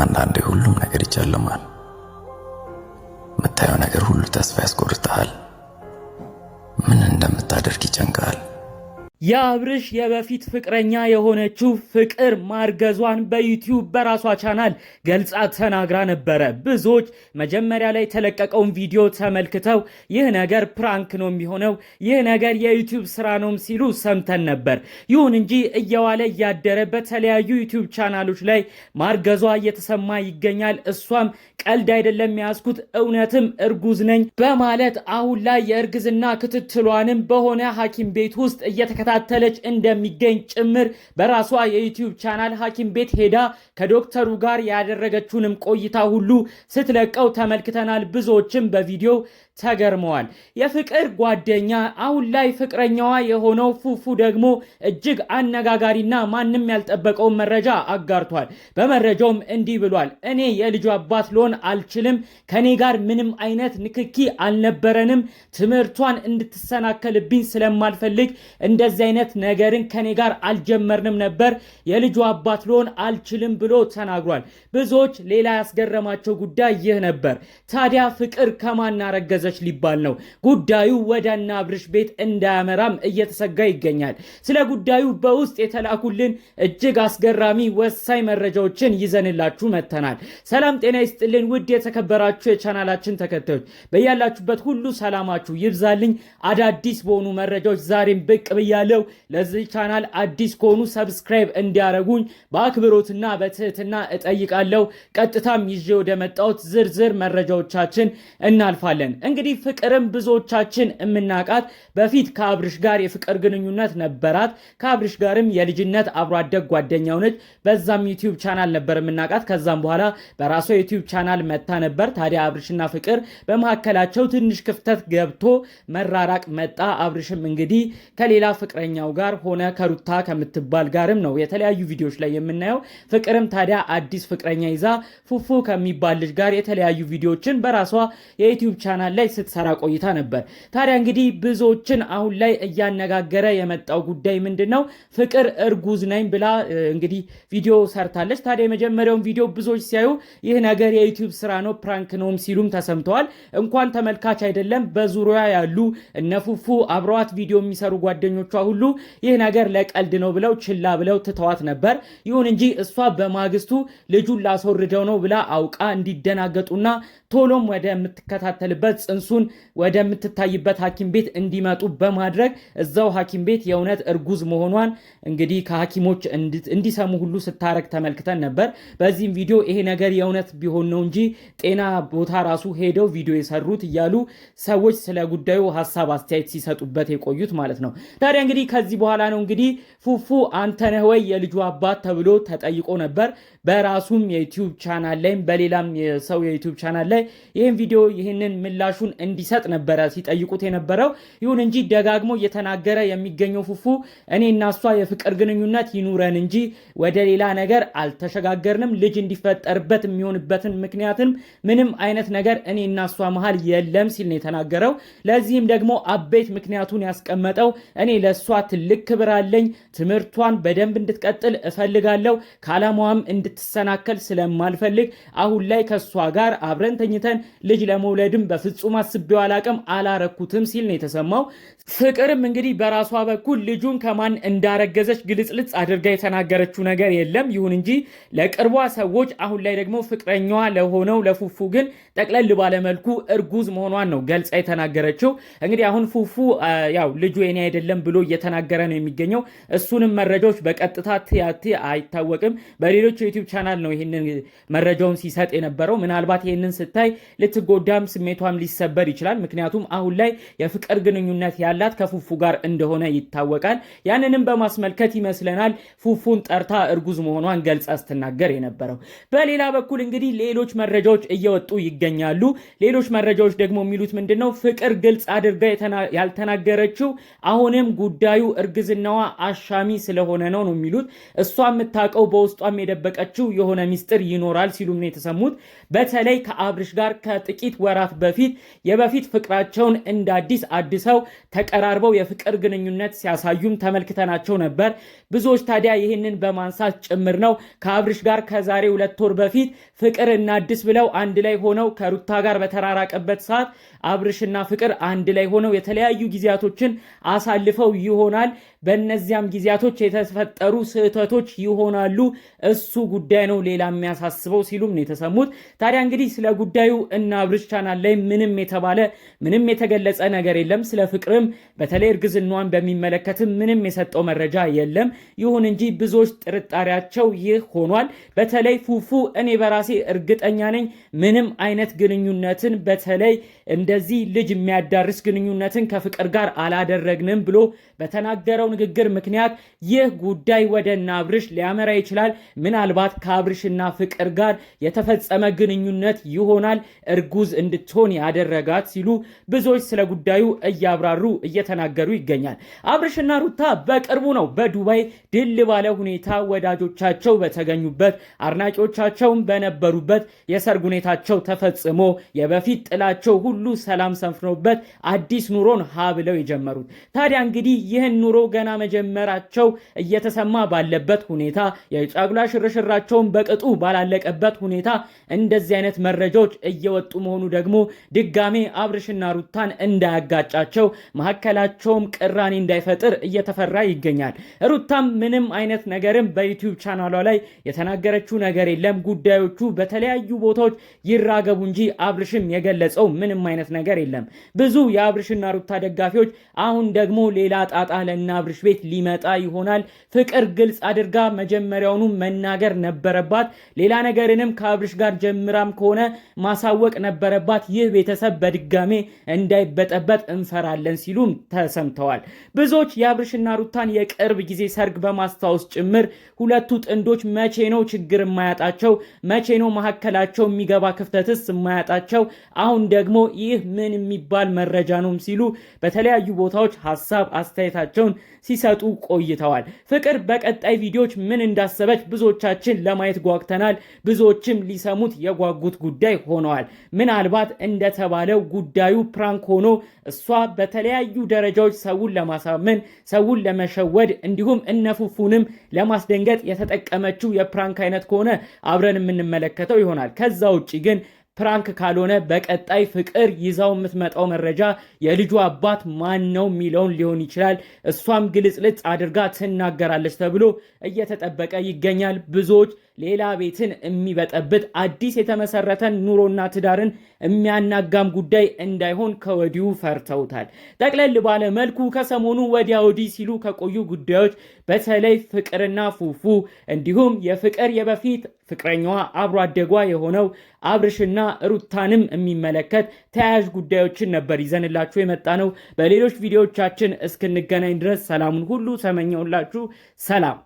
አንዳንዴ ሁሉም ነገር ይጨልማል። የምታየው ነገር ሁሉ ተስፋ ያስቆርጥሃል። ምን እንደምታደርግ ይጨንቃል። የአብርሽ የበፊት ፍቅረኛ የሆነችው ፍቅር ማርገዟን በዩቲዩብ በራሷ ቻናል ገልጻ ተናግራ ነበረ። ብዙዎች መጀመሪያ ላይ የተለቀቀውን ቪዲዮ ተመልክተው ይህ ነገር ፕራንክ ነው የሚሆነው፣ ይህ ነገር የዩቲዩብ ስራ ነውም ሲሉ ሰምተን ነበር። ይሁን እንጂ እየዋለ እያደረ በተለያዩ ዩቲዩብ ቻናሎች ላይ ማርገዟ እየተሰማ ይገኛል። እሷም ቀልድ አይደለም የያዝኩት፣ እውነትም እርጉዝ ነኝ በማለት አሁን ላይ የእርግዝና ክትትሏንም በሆነ ሐኪም ቤት ውስጥ እየተከታተለች እንደሚገኝ ጭምር በራሷ የዩቲዩብ ቻናል ሐኪም ቤት ሄዳ ከዶክተሩ ጋር ያደረገችውንም ቆይታ ሁሉ ስትለቀው ተመልክተናል። ብዙዎችም በቪዲዮ ተገርመዋል። የፍቅር ጓደኛ አሁን ላይ ፍቅረኛዋ የሆነው ፉፉ ደግሞ እጅግ አነጋጋሪና ማንም ያልጠበቀውን መረጃ አጋርቷል። በመረጃውም እንዲህ ብሏል። እኔ የልጁ አባት ልሆን አልችልም። ከኔ ጋር ምንም አይነት ንክኪ አልነበረንም። ትምህርቷን እንድትሰናከልብኝ ስለማልፈልግ እንደዚህ አይነት ነገርን ከኔ ጋር አልጀመርንም ነበር። የልጁ አባት ልሆን አልችልም ብሎ ተናግሯል። ብዙዎች ሌላ ያስገረማቸው ጉዳይ ይህ ነበር። ታዲያ ፍቅር ከማናረገዘ ተያዘች ሊባል ነው። ጉዳዩ ወደ እነ አብርሽ ቤት እንዳያመራም እየተሰጋ ይገኛል። ስለ ጉዳዩ በውስጥ የተላኩልን እጅግ አስገራሚ ወሳኝ መረጃዎችን ይዘንላችሁ መጥተናል። ሰላም ጤና ይስጥልን ውድ የተከበራችሁ የቻናላችን ተከታዮች በያላችሁበት ሁሉ ሰላማችሁ ይብዛልኝ። አዳዲስ በሆኑ መረጃዎች ዛሬም ብቅ ብያለው። ለዚህ ቻናል አዲስ ከሆኑ ሰብስክራይብ እንዲያደርጉኝ በአክብሮትና በትህትና እጠይቃለሁ። ቀጥታም ይዤ ወደ መጣሁት ዝርዝር መረጃዎቻችን እናልፋለን። እንግዲህ ፍቅርም ብዙዎቻችን የምናቃት በፊት ከአብርሽ ጋር የፍቅር ግንኙነት ነበራት። ከአብርሽ ጋርም የልጅነት አብሮ አደግ ጓደኛ ነች። በዛም ዩቲዩብ ቻናል ነበር የምናቃት ከዛም በኋላ በራሷ ዩቲዩብ ቻናል መታ ነበር። ታዲያ አብርሽና ፍቅር በመካከላቸው ትንሽ ክፍተት ገብቶ መራራቅ መጣ። አብርሽም እንግዲህ ከሌላ ፍቅረኛው ጋር ሆነ ከሩታ ከምትባል ጋርም ነው የተለያዩ ቪዲዮዎች ላይ የምናየው። ፍቅርም ታዲያ አዲስ ፍቅረኛ ይዛ ፉፉ ከሚባል ልጅ ጋር የተለያዩ ቪዲዮዎችን በራሷ የዩቲዩብ ቻናል ላይ ስትሰራ ቆይታ ነበር። ታዲያ እንግዲህ ብዙዎችን አሁን ላይ እያነጋገረ የመጣው ጉዳይ ምንድን ነው? ፍቅር እርጉዝ ነኝ ብላ እንግዲህ ቪዲዮ ሰርታለች። ታዲያ የመጀመሪያውን ቪዲዮ ብዙዎች ሲያዩ ይህ ነገር የዩቲዩብ ስራ ነው፣ ፕራንክ ነውም ሲሉም ተሰምተዋል። እንኳን ተመልካች አይደለም በዙሪያ ያሉ እነፉፉ አብረዋት ቪዲዮ የሚሰሩ ጓደኞቿ ሁሉ ይህ ነገር ለቀልድ ነው ብለው ችላ ብለው ትተዋት ነበር። ይሁን እንጂ እሷ በማግስቱ ልጁን ላስወርደው ነው ብላ አውቃ እንዲደናገጡና ቶሎም የምትከታተልበት ፅንሱን ወደምትታይበት ሐኪም ቤት እንዲመጡ በማድረግ እዛው ሐኪም ቤት የእውነት እርጉዝ መሆኗን እንግዲህ ከሐኪሞች እንዲሰሙ ሁሉ ስታረግ ተመልክተን ነበር። በዚህም ቪዲዮ ይሄ ነገር የእውነት ቢሆን ነው እንጂ ጤና ቦታ ራሱ ሄደው ቪዲዮ የሰሩት እያሉ ሰዎች ስለ ጉዳዩ ሀሳብ አስተያየት ሲሰጡበት የቆዩት ማለት ነው። ታዲያ እንግዲህ ከዚህ በኋላ ነው እንግዲህ ፉፉ አንተነህ ወይ የልጁ አባት ተብሎ ተጠይቆ ነበር። በራሱም የዩቲዩብ ቻናል ላይም በሌላም የሰው የዩቲዩብ ቻናል ላይ ይህን ቪዲዮ ይህንን ምላሹ ምላሹን እንዲሰጥ ነበረ ሲጠይቁት የነበረው። ይሁን እንጂ ደጋግሞ እየተናገረ የሚገኘው ፉፉ እኔ እና እሷ የፍቅር ግንኙነት ይኑረን እንጂ ወደ ሌላ ነገር አልተሸጋገርንም፣ ልጅ እንዲፈጠርበት የሚሆንበትን ምክንያትም ምንም አይነት ነገር እኔ እና እሷ መሀል የለም ሲል ነው የተናገረው። ለዚህም ደግሞ አበይት ምክንያቱን ያስቀመጠው እኔ ለእሷ ትልቅ ክብር አለኝ፣ ትምህርቷን በደንብ እንድትቀጥል እፈልጋለሁ፣ ከዓላማዋም እንድትሰናከል ስለማልፈልግ አሁን ላይ ከእሷ ጋር አብረን ተኝተን ልጅ ለመውለድም በፍጹም በፍጹም አስቤው አላቅም አላረኩትም ሲል ነው የተሰማው። ፍቅርም እንግዲህ በራሷ በኩል ልጁን ከማን እንዳረገዘች ግልጽልጽ አድርጋ የተናገረችው ነገር የለም። ይሁን እንጂ ለቅርቧ ሰዎች፣ አሁን ላይ ደግሞ ፍቅረኛዋ ለሆነው ለፉፉ ግን ጠቅለል ባለመልኩ እርጉዝ መሆኗን ነው ገልጻ የተናገረችው። እንግዲህ አሁን ፉፉ ያው ልጁ የኔ አይደለም ብሎ እየተናገረ ነው የሚገኘው። እሱንም መረጃዎች በቀጥታ ትያት አይታወቅም። በሌሎች የዩቲዩብ ቻናል ነው ይህንን መረጃውን ሲሰጥ የነበረው። ምናልባት ይህንን ስታይ ልትጎዳም ስሜቷም ሊሰ ሊሰበር ይችላል። ምክንያቱም አሁን ላይ የፍቅር ግንኙነት ያላት ከፉፉ ጋር እንደሆነ ይታወቃል። ያንንም በማስመልከት ይመስለናል ፉፉን ጠርታ እርጉዝ መሆኗን ገልጻ ስትናገር የነበረው። በሌላ በኩል እንግዲህ ሌሎች መረጃዎች እየወጡ ይገኛሉ። ሌሎች መረጃዎች ደግሞ የሚሉት ምንድን ነው? ፍቅር ግልጽ አድርጋ ያልተናገረችው አሁንም ጉዳዩ እርግዝናዋ አሻሚ ስለሆነ ነው ነው የሚሉት እሷ የምታውቀው በውስጧም የደበቀችው የሆነ ሚስጥር ይኖራል ሲሉም ነው የተሰሙት። በተለይ ከአብርሽ ጋር ከጥቂት ወራት በፊት የበፊት ፍቅራቸውን እንደ አዲስ አድሰው ተቀራርበው የፍቅር ግንኙነት ሲያሳዩም ተመልክተናቸው ነበር። ብዙዎች ታዲያ ይህንን በማንሳት ጭምር ነው ከአብርሽ ጋር ከዛሬ ሁለት ወር በፊት ፍቅር እናድስ ብለው አንድ ላይ ሆነው ከሩታ ጋር በተራራቀበት ሰዓት አብርሽና ፍቅር አንድ ላይ ሆነው የተለያዩ ጊዜያቶችን አሳልፈው ይሆናል በእነዚያም ጊዜያቶች የተፈጠሩ ስህተቶች ይሆናሉ። እሱ ጉዳይ ነው ሌላ የሚያሳስበው ሲሉም ነው የተሰሙት። ታዲያ እንግዲህ ስለ ጉዳዩ እና አብርሽ ቻናል ላይ ምንም የተባለ ምንም የተገለጸ ነገር የለም። ስለ ፍቅርም በተለይ እርግዝናዋን በሚመለከትም ምንም የሰጠው መረጃ የለም። ይሁን እንጂ ብዙዎች ጥርጣሬያቸው ይህ ሆኗል። በተለይ ፉፉ እኔ በራሴ እርግጠኛ ነኝ ምንም አይነት ግንኙነትን በተለይ እንደዚህ ልጅ የሚያዳርስ ግንኙነትን ከፍቅር ጋር አላደረግንም ብሎ በተናገረው ንግግር ምክንያት ይህ ጉዳይ ወደ እነ አብርሽ ሊያመራ ይችላል። ምናልባት ከአብርሽና ፍቅር ጋር የተፈጸመ ግንኙነት ይሆናል እርጉዝ እንድትሆን ያደረጋት ሲሉ ብዙዎች ስለ ጉዳዩ እያብራሩ እየተናገሩ ይገኛል። አብርሽና ሩታ በቅርቡ ነው በዱባይ ድል ባለ ሁኔታ ወዳጆቻቸው በተገኙበት አድናቂዎቻቸውም በነበሩበት የሰርግ ሁኔታቸው ተፈጽሞ የበፊት ጥላቸው ሁሉ ሰላም ሰንፍኖበት አዲስ ኑሮን ሀ ብለው የጀመሩት። ታዲያ እንግዲህ ይህን ኑሮ ገና መጀመራቸው እየተሰማ ባለበት ሁኔታ የጫጉላ ሽርሽራቸውን በቅጡ ባላለቀበት ሁኔታ እንደዚህ አይነት መረጃዎች እየወጡ መሆኑ ደግሞ ድጋሜ አብርሽና ሩታን እንዳያጋጫቸው መካከላቸውም ቅራኔ እንዳይፈጥር እየተፈራ ይገኛል። ሩታም ምንም አይነት ነገርም በዩቲዩብ ቻናሏ ላይ የተናገረችው ነገር የለም። ጉዳዮቹ በተለያዩ ቦታዎች ይራገቡ እንጂ አብርሽም የገለጸው ምንም አይነት ነገር የለም። ብዙ የአብርሽና ሩታ ደጋፊዎች አሁን ደግሞ ሌላ ጣጣ ለእነ አብርሽ አብርሽ ቤት ሊመጣ ይሆናል። ፍቅር ግልጽ አድርጋ መጀመሪያውኑ መናገር ነበረባት። ሌላ ነገርንም ከአብርሽ ጋር ጀምራም ከሆነ ማሳወቅ ነበረባት። ይህ ቤተሰብ በድጋሜ እንዳይበጠበጥ እንፈራለን ሲሉም ተሰምተዋል። ብዙዎች የአብርሽና ሩታን የቅርብ ጊዜ ሰርግ በማስታወስ ጭምር ሁለቱ ጥንዶች መቼ ነው ችግር የማያጣቸው? መቼ ነው መሀከላቸው የሚገባ ክፍተትስ የማያጣቸው? አሁን ደግሞ ይህ ምን የሚባል መረጃ ነው ሲሉ በተለያዩ ቦታዎች ሀሳብ አስተያየታቸውን ሲሰጡ ቆይተዋል። ፍቅር በቀጣይ ቪዲዮዎች ምን እንዳሰበች ብዙዎቻችን ለማየት ጓግተናል። ብዙዎችም ሊሰሙት የጓጉት ጉዳይ ሆነዋል። ምናልባት እንደተባለው ጉዳዩ ፕራንክ ሆኖ እሷ በተለያዩ ደረጃዎች ሰውን ለማሳመን ሰውን ለመሸወድ እንዲሁም እነፉፉንም ለማስደንገጥ የተጠቀመችው የፕራንክ አይነት ከሆነ አብረን የምንመለከተው ይሆናል። ከዛ ውጭ ግን ፕራንክ ካልሆነ በቀጣይ ፍቅር ይዛው የምትመጣው መረጃ የልጁ አባት ማን ነው የሚለውን ሊሆን ይችላል። እሷም ግልጽልጽ አድርጋ ትናገራለች ተብሎ እየተጠበቀ ይገኛል። ብዙዎች ሌላ ቤትን የሚበጠብጥ አዲስ የተመሰረተን ኑሮና ትዳርን የሚያናጋም ጉዳይ እንዳይሆን ከወዲሁ ፈርተውታል። ጠቅለል ባለ መልኩ ከሰሞኑ ወዲያ ወዲህ ሲሉ ከቆዩ ጉዳዮች በተለይ ፍቅርና ፉፉ እንዲሁም የፍቅር የበፊት ፍቅረኛዋ አብሮ አደጓ የሆነው አብርሽና ሩታንም የሚመለከት ተያያዥ ጉዳዮችን ነበር ይዘንላችሁ የመጣ ነው። በሌሎች ቪዲዮዎቻችን እስክንገናኝ ድረስ ሰላሙን ሁሉ ሰመኘውላችሁ። ሰላም